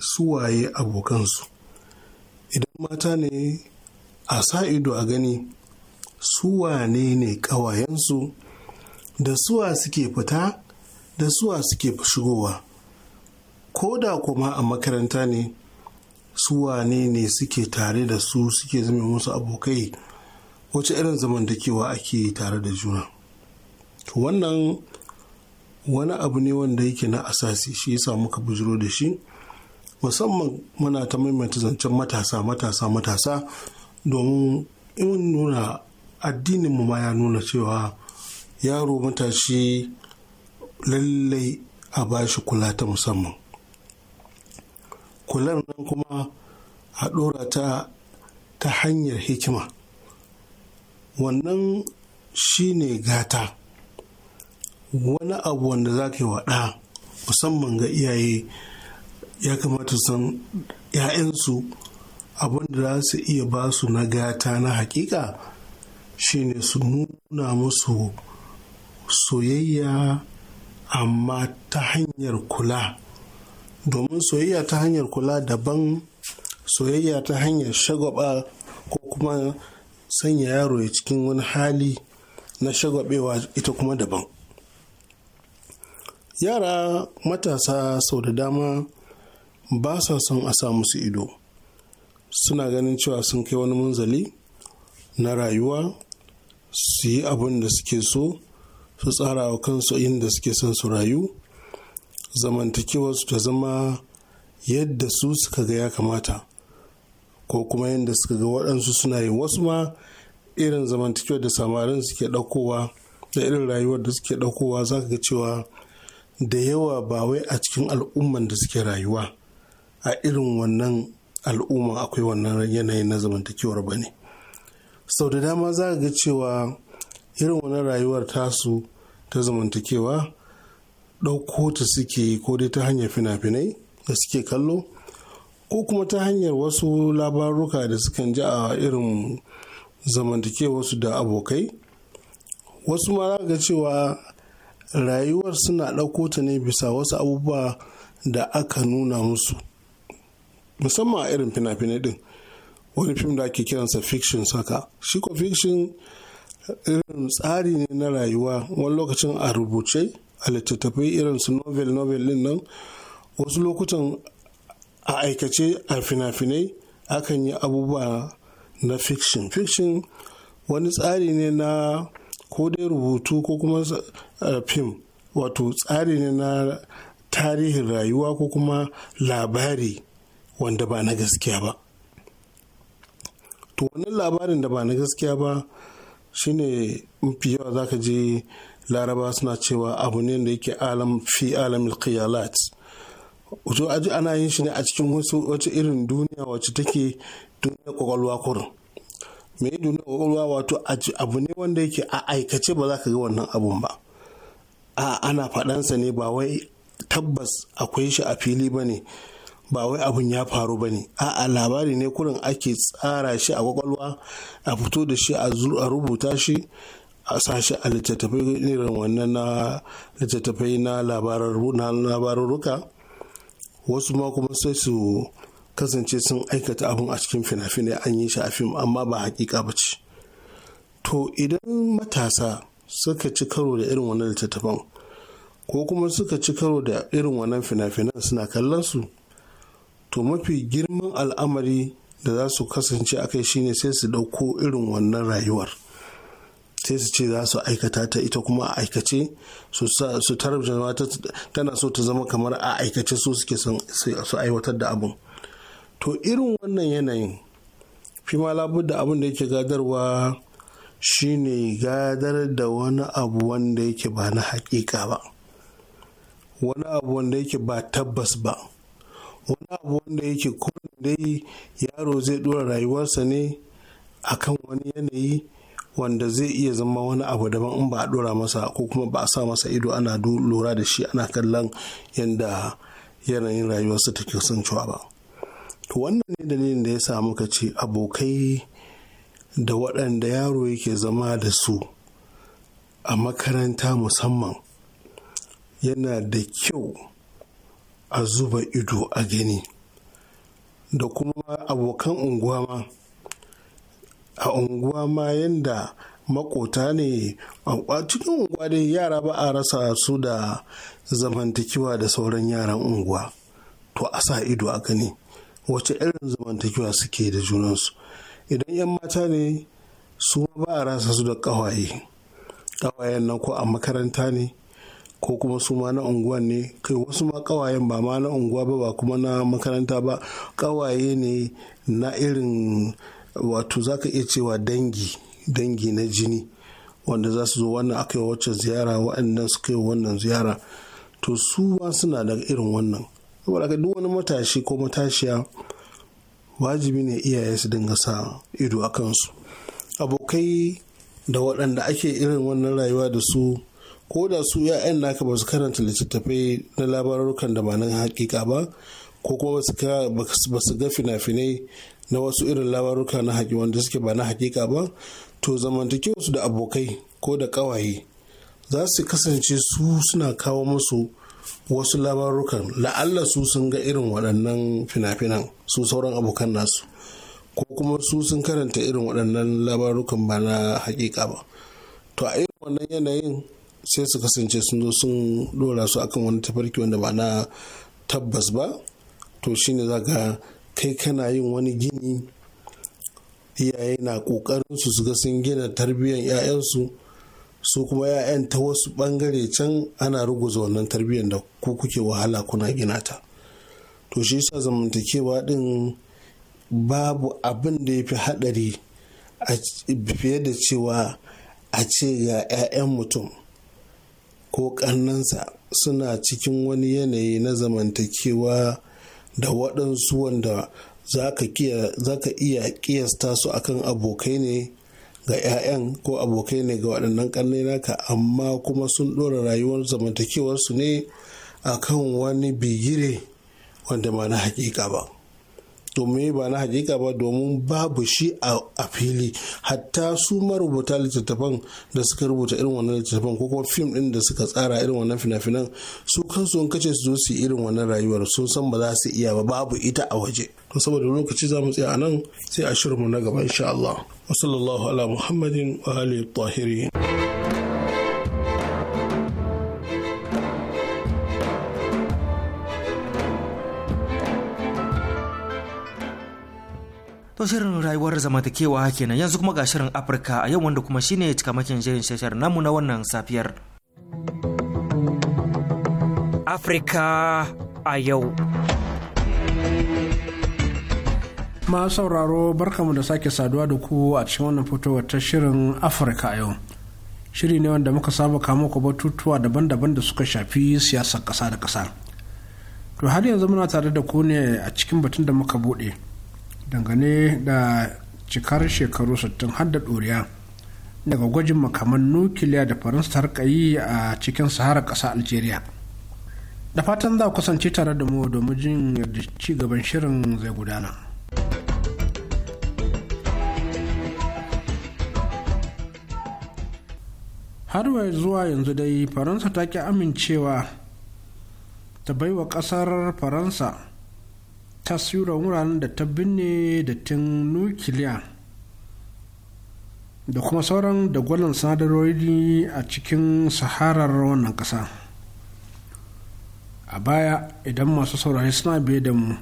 suwaye abokansu idan mata ne a sa ido a gani suwane ne ƙawayensu da suwa suke fita da suwa suke shigowa ko da kuma a makaranta ne suwane ne suke tare da su suke zama musu abokai wace irin zamantakewa ake tare da juna wannan wani abu ne wanda yake na asasi shi yasa muka bujiro da shi musamman muna ta maimaita zancen matasa matasa matasa domin in nuna addininmu ma ya nuna cewa yaro matashi lallai a bashi kula ta musamman kular nan kuma a ɗora ta ta hanyar hikima wannan shi ne gata wani abu wanda za ka yi waɗa musamman ga iyaye ya kamata san 'ya'yansu abinda za su iya ba su na gata na hakika shine su nuna musu soyayya amma ta hanyar kula domin soyayya ta hanyar kula daban soyayya ta hanyar shagwaba ko kuma sanya yaro ya cikin wani hali na shagwabewa ita kuma daban yara matasa sau da dama ba sa son a sa musu ido suna ganin cewa sun kai wani munzali na rayuwa su yi abin da suke so su tsara wa kansu inda suke son su rayu zamantakewarsu ta zama yadda su suka ga ya kamata ko kuma yadda suka ga waɗansu suna yi wasu ma irin zamantakewar da samarin suke ɗaukowa da irin rayuwar da suke ɗaukowa za ga cewa da yawa ba wai a cikin al'umman da suke rayuwa a irin wannan al'umma akwai wannan yanayin na zamantakewar ba ne sau da dama za ga cewa irin wannan rayuwar tasu ta zamantakewa ɗauko ta suke ko dai ta hanyar fina-finai da suke kallo ko kuma ta hanyar wasu labaruka da sukan ji a irin zamantakewarsu da abokai wasu ma ga cewa rayuwar suna ɗauko ta ne bisa wasu abubuwa da aka nuna musu musamman a irin fina-finai din wani fim da ake kiransa fiction saka shi ko fiction irin tsari ne na rayuwa wani lokacin a rubuce a littattafai irin su novel novel din nan wasu lokutan a aikace a fina-finai akan yi abubuwa na fiction fiction wani tsari ne na ko dai rubutu ko kuma eh, fim wato tsari ne na tarihin rayuwa ko kuma labari wanda ba na gaskiya ba to wannan labarin da ba na gaskiya ba shine mafi yawa za ka je laraba suna cewa abu ne da yake alam fi alam qiyalat wato aji ana yin shi ne a cikin wasu wace irin duniya wacce take duniya kwakwalwa kurin me duniya kwakwalwa wato abu ne wanda yake a aikace ba za ka ga wannan abun ba a ana faɗansa ne ba wai tabbas akwai shi a fili ba ne ba wai abun ya faru ba ne a'a labari ne kurin ake tsara shi a kwakwalwa a fito da shi a rubuta shi a sashi a littattafai irin wannan na littattafai na labararruka wasu ma kuma sai su kasance sun aikata abin a cikin fina-finai an yi shi a fim amma ba hakika ba ce to idan matasa suka ci karo da irin wannan littattafan ko kuma suka ci karo da irin wannan fina-finan suna kallon su to mafi girman al'amari da za su kasance a kai shine sai su ɗauko irin wannan rayuwar sai su ce za su aikata ta ita kuma a aikace su tarabta tana so ta zama kamar a aikace su suke su aiwatar da abin to irin wannan yanayin fi ma da abin da yake gadarwa shine gadar da wani abu wanda yake ba na hakika ba wani abu wanda yake ba tabbas ba wani abu wanda yake kowane dai yaro zai dora rayuwarsa ne akan wani yanayi wanda zai iya zama wani abu daban in ba a dora masa ko kuma ba a sa masa ido ana lura da shi ana kallon yadda yanayin rayuwarsa take kasancewa ba to wannan ne dalilin da ya sa muka ce abokai da waɗanda yaro yake zama da su a makaranta musamman yana da kyau a zuba ido a gani da kuma abokan unguwa ma a unguwa ma yadda makota ne a cikin unguwa dai yara ba a rasa su da zamantakewa da sauran yaran unguwa to a sa ido a gani wace irin zamantakewa suke da junansu idan 'yan mata ne su ba a rasa su da ƙawaye ƙawayen nan ko a makaranta ne ko kuma su ma na unguwan ne kai wasu ma kawayen ba ma na unguwa ba ba kuma na makaranta ba kawaye ne na irin wato za ka iya cewa dangi dangi na jini wanda za su zo wannan aka yi wacce ziyara waɗannan su yi wannan ziyara to su ma suna da irin wannan saboda ka duk wani matashi ko matashiya wajibi ne iyaye su dinga sa ido a kansu abokai da waɗanda ake irin wannan rayuwa da su ko da su ya'yan naka ba su karanta littattafai na labarukan da ba na hakika ba ko kuma ba su ga fina-finai na wasu irin labaruka na haƙi wanda suke ba na hakika ba to su da abokai ko da ƙawaye za su kasance su suna kawo musu wasu labarukan la'alla su sun ga irin waɗannan fina-finan su sauran abokan nasu ko kuma su sun karanta irin waɗannan labarukan ba na hakika ba to a irin wannan yanayin sai su kasance sun zo sun dora su akan wani tafarki wanda ba tabbas ba to shine za ka kai kana yin wani gini iyaye na kokarin su su ga sun gina tarbiyyar 'ya'yansu su kuma 'ya'yan ta wasu bangare can ana ruguza wannan tarbiyyar da ku kuke wahala kuna gina ta to shi yasa zamantakewa din babu abin da ya fi haɗari fiye da cewa a ce ga 'ya'yan mutum ko ƙannansa suna cikin wani yanayi na zamantakewa da waɗansu wanda za ka iya kiyasta su akan abokai ne ga 'ya'yan ko abokai ne ga waɗannan ƙannai naka amma kuma sun ɗora rayuwar zamantakewarsu ne akan wani bigire wanda ma na hakika ba. domin ba na hakika ba domin babu shi a fili hatta su marubuta littattafan da suka rubuta irin wannan littattafan ko kuma fim din da suka tsara irin wannan fina-finan su kansu in kace su zo su irin wannan rayuwar sun san ba za su iya ba babu ita a waje to saboda lokaci za mu tsaya a nan sai a shirmu na gaba insha Allah wa ala muhammadin wa alihi tahirin To shirin rayuwar zamantakewa kenan yanzu kuma ga shirin Afirka a yau wanda kuma shine cikamakin shirin shashar namu na wannan safiyar. Afirka a yau. Masu sauraro barkamu da sake saduwa da ku a cikin wannan fitowar ta shirin Afirka a yau. Shiri ne wanda muka saba kamo ku batutuwa daban-daban da suka shafi siyasar kasa da kasa To har yanzu muna tare da ku ne a cikin batun da muka buɗe. dangane da cikar shekaru 60 har da ɗuriya daga gwajin makaman nukiliya da faransa ta yi a cikin sahara ƙasa algeria da fatan za kusance tare da mu domin jin yadda ci gaban shirin zai gudana har zuwa yanzu dai faransa ta ki amincewa ta baiwa ƙasar faransa taswirar wuraren da ta binne dattin nukiliya da kuma sauran dagwalon sinadarori a cikin saharar wannan ƙasa a baya idan masu saurari suna biye da mu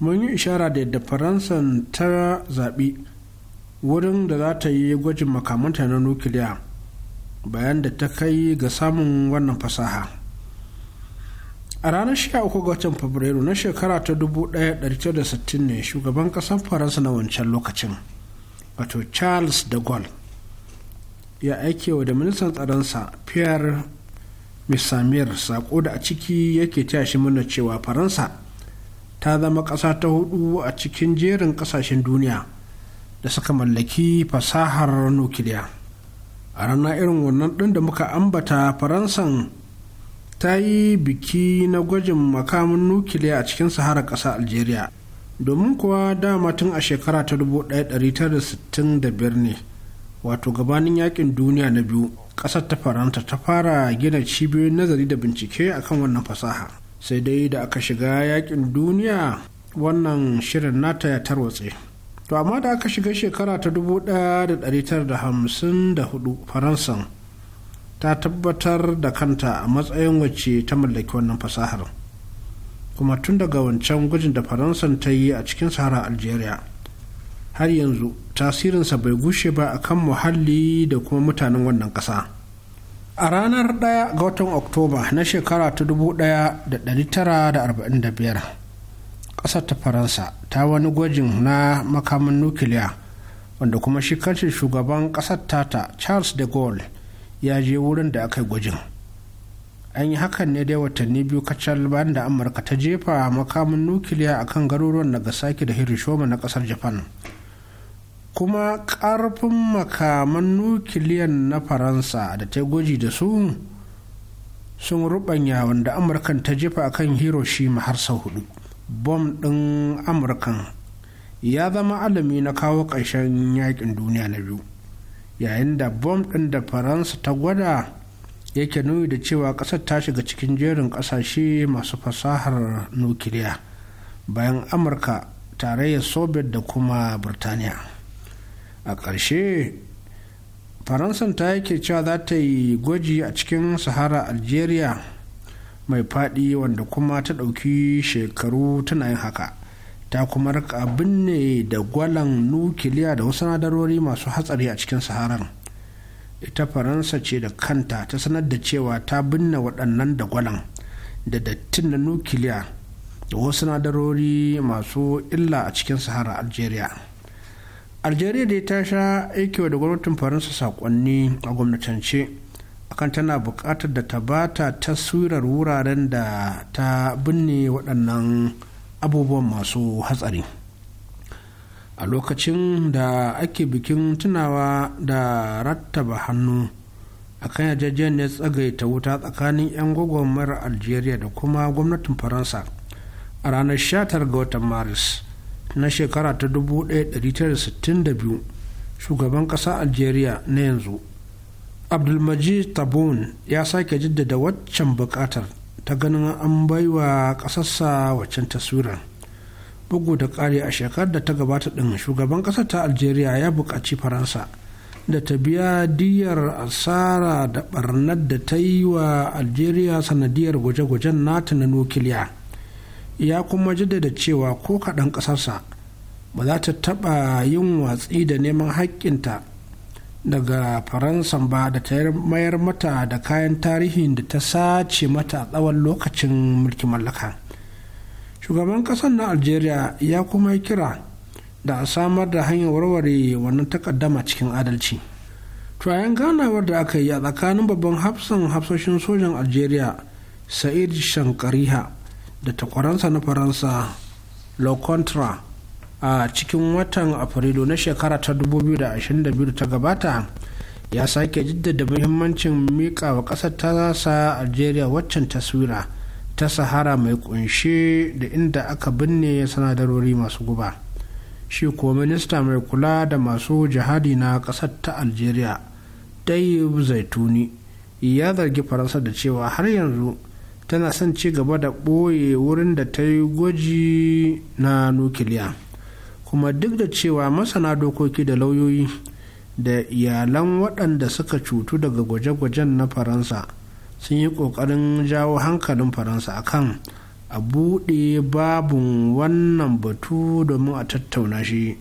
mun yi ishara da yadda faransa ta zaɓi wurin da za ta yi gwajin makamanta na nukiliya bayan da ta kai ga samun wannan fasaha a ranar 13 ga watan fabrairu na shekara ta 1960 ne shugaban kasar faransa na wancan lokacin wato charles de gaulle ya aike wa da ministan tsaronsa pierre misamir sako da a ciki yake ta shi mana cewa faransa ta zama ƙasa ta hudu a cikin jerin ƙasashen duniya da suka mallaki fasahar nukiliya a ranar irin wannan ɗin da muka ambata faransan ta yi biki na gwajin makamin nukiliya a cikin sahara ƙasa algeria domin kuwa dama tun a shekara ta 1965 ne wato gabanin yakin duniya na biyu ƙasar ta faranta ta fara gina cibiyoyin nazari da bincike akan wannan fasaha sai dai da aka shiga yakin duniya wannan shirin nata ya tarwatse to amma da aka shiga shekara ta 1954 faransan ta tabbatar da kanta a matsayin wacce ta mallaki wannan fasahar kuma tun daga wancan gwajin da faransan ta yi a cikin sahara algeria har yanzu tasirinsa bai gushe ba a kan muhalli da kuma mutanen wannan ƙasa a ranar 1 ga watan oktoba na shekara ta 1945 ƙasar ta faransa ta wani gwajin na makamin nukiliya wanda kuma shi shugaban ƙasar tata charles de gaulle ya je wurin da aka yi gwajin an yi hakan ne dai watanni biyu kacal bayan da amurka ta jefa makamin nukiliya a kan garuruwan nagasaki da hiroshima na kasar japan kuma karfin makaman nukiliyan na faransa da ta gwaji da su sun rubanya wanda amurkan ta jefa a kan hiroshima har sau hudu bom ɗin amurkan ya zama alami na kawo ƙarshen yakin duniya na biyu yayin da bom ɗin da faransa ta gwada yake nuni da cewa ƙasar ta shiga cikin jerin ƙasashe masu fasahar nukiliya bayan amurka tarayyar soviet da kuma birtaniya a ƙarshe faransan ta yake cewa za ta yi gwaji a cikin sahara algeria mai faɗi wanda kuma ta ɗauki shekaru tana yin haka ta kuma rika binne da gwalan nukiliya da wasu nadarori masu hatsari a cikin saharan ita faransa ce da kanta ta sanar da cewa ta binne waɗannan da gwalan da dattin na nukiliya da wasu nadarori masu illa a cikin sahara algeria algeria dai ta sha aikewa da gwamnatin faransa saƙonni a gwamnatance akan tana buƙatar da ta bata taswirar wuraren da ta binne waɗannan abubuwan masu hatsari a lokacin da ake bikin tunawa da rattaba hannu a kan yarjejeniyar tsagaita wuta tsakanin 'yan gwagwarmar algeria da kuma gwamnatin faransa a ranar 19 ga watan maris na shekara ta 1962 shugaban ƙasa algeria na yanzu abdulmajid tabun ya sake jaddada waccan buƙatar ta ganin an baiwa ƙasarsa waccan taswirin. bugu da ƙari a shekarar da ta gabata ɗin shugaban ƙasar ta algeria ya buƙaci faransa da ta biya diyar asara da ɓarnar da ta yi wa algeria sanadiyar gwaje-gwajen nata na nukiliya ya kuma jaddada cewa ko kaɗan ƙasarsa ba za ta taɓa yin watsi da neman haƙƙinta daga faransa ba da ta mayar mata da kayan tarihin da ta sace mata a tsawon lokacin mulkin mallaka shugaban kasar na algeria ya kuma kira da a samar da hanyar warware wannan takaddama cikin adalci tuwayen ganawar da aka yi a tsakanin babban hafsan hafsoshin sojan algeria sa'id shankariha da takwaransa na faransa locontra a cikin watan afrilu na shekara ta 2022 ta gabata ya sake jaddada muhimmancin miƙa wa ƙasar tasa algeria waccan taswira ta sahara mai kunshe da inda aka binne sanadarori masu guba shi kuwa minista mai kula da masu jihadi na ƙasar ta algeria dayib zaituni ya zargi faransa da cewa har yanzu tana son ci gaba da ɓoye wurin da ta yi gwaji na nukiliya. kuma duk da cewa masana dokoki da lauyoyi da iyalan waɗanda suka cutu daga gwaje-gwajen na faransa sun yi ƙoƙarin jawo hankalin faransa a kan a buɗe babin wannan batu domin a tattauna shi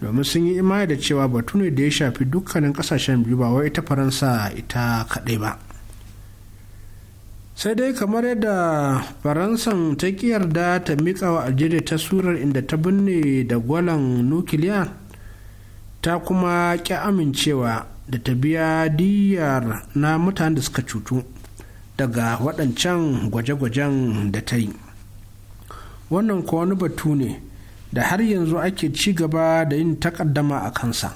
domin sun yi imani da cewa batu ne da ya shafi dukkanin ƙasashen biyu ba wai ita faransa ita kaɗai ba sai dai kamar yadda faransan ta yarda ta miƙa wa algeria ta surar inda ta binne da gwalan nukiliya ta kuma ƙi amincewa da ta biya diyar na mutanen da suka cutu daga waɗancan gwaje-gwajen da ta yi wannan kowani wani batu ne da har yanzu ake ci gaba da yin takaddama a kansa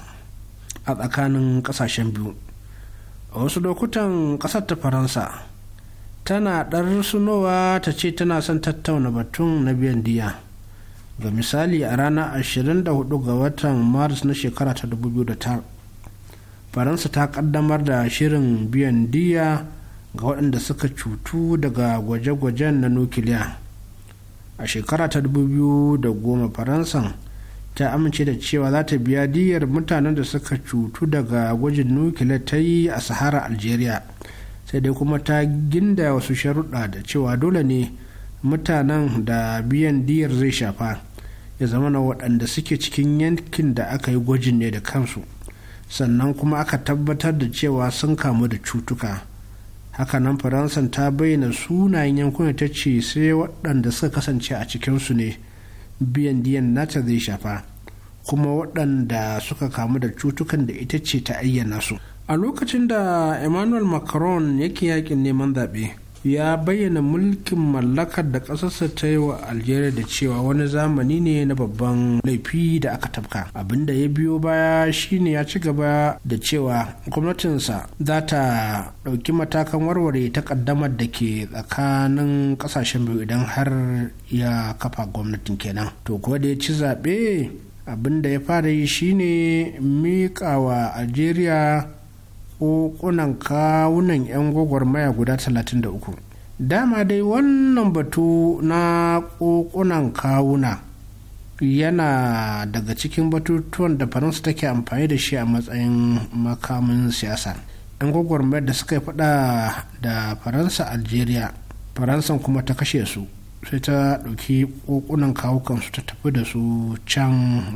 a tsakanin ƙasashen biyu a wasu lokutan ƙasar ta faransa tana ɗar sunowa ta ce tana son tattauna batun na biyan diya ga misali a ranar 24 ga watan maris na shekara ta 2009 faransa ta kaddamar da shirin biyan diya ga waɗanda suka cutu daga gwaje-gwajen na nukiliya a shekara ta 2010 faransan ta amince da cewa za ta biya diyar mutanen da suka cutu daga gwajin nukiliya ta yi a sahara algeria sai dai kuma ta ginda wasu sharuɗa da cewa dole ne mutanen da biyan diyar zai shafa ya zama na waɗanda suke cikin yankin da aka yi gwajin ne da kansu sannan kuma aka tabbatar da cewa sun kamu da cutuka hakanan faransa ta bayyana sunayen yankunan ta ce sai waɗanda suka kasance a cikinsu ne biyan diyan nata zai shafa kuma waɗanda suka kamu da cutukan da ita ce ta ayyana su a lokacin da emmanuel macron yake yakin neman zaɓe ya bayyana mulkin mallakar da ƙasarsa ta yi wa algeria da cewa wani zamani ne na babban laifi da aka tafka abinda ya biyo baya shine ya ci gaba da cewa gwamnatinsa za ta ɗauki matakan warware takaddamar da ke tsakanin ƙasashen biyu idan har ya kafa gwamnatin kenan to kuwa da ya ci zaɓe abin da ya fara yi shine miƙa algeria kokunan kawunan 'yan gwagwarmaya guda 33 dama dai wannan batu na kokunan kawuna yana daga cikin batutuwan da faransa take amfani da shi a matsayin makamin siyasa 'yan gwagwarmayar da suka yi fada da faransa algeria faransan kuma ta kashe su sai ta ɗauki kokunan su ta tafi da su can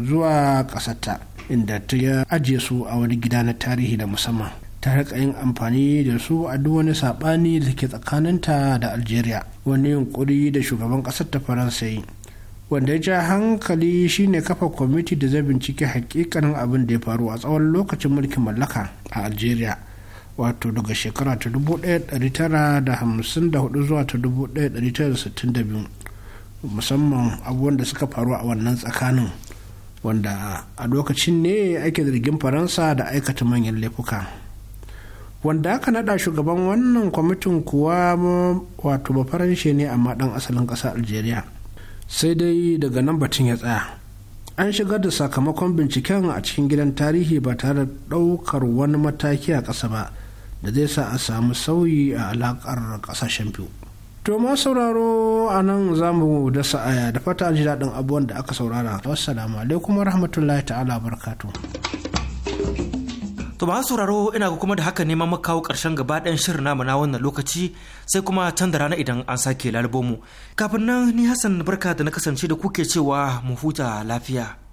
zuwa ƙasarta inda ta ajiye su a wani gida na tarihi da musamman ta rika yin amfani da su a duk wani saɓani da ke tsakaninta da algeria wani yunkuri da shugaban ƙasar ta faransa yi wanda ya ja hankali shine kafa kwamiti da zai bincike hakikanin abin da ya faru a tsawon lokacin mulkin mallaka a algeria wato daga shekara ta 1954 zuwa ta 1962 musamman abubuwan da suka faru a wannan tsakanin wanda a lokacin ne ake zargin faransa da aikata manyan laifuka wanda aka nada shugaban wannan kwamitin kuwa wato faranshe ne amma dan asalin ƙasa algeria sai dai daga nan batun ya tsaya an shigar da sakamakon binciken a cikin gidan tarihi ba tare da ɗaukar wani mataki a ƙasa ba da zai sa a samu sauyi a alaƙar ƙasashen biyu to ma sauraro a nan za mu dasa aya da fata ji daɗin abubuwan da aka saurara wassalamu alaikum warahmatullahi ta'ala barkatu. To ba sauraro ina kuma da haka neman makawo ƙarshen gaba ɗayan shirin namu na wannan lokaci sai kuma can da rana idan an sake lalbomu. Kafin nan ni Hassan barka da na kasance da kuke cewa mu huta lafiya.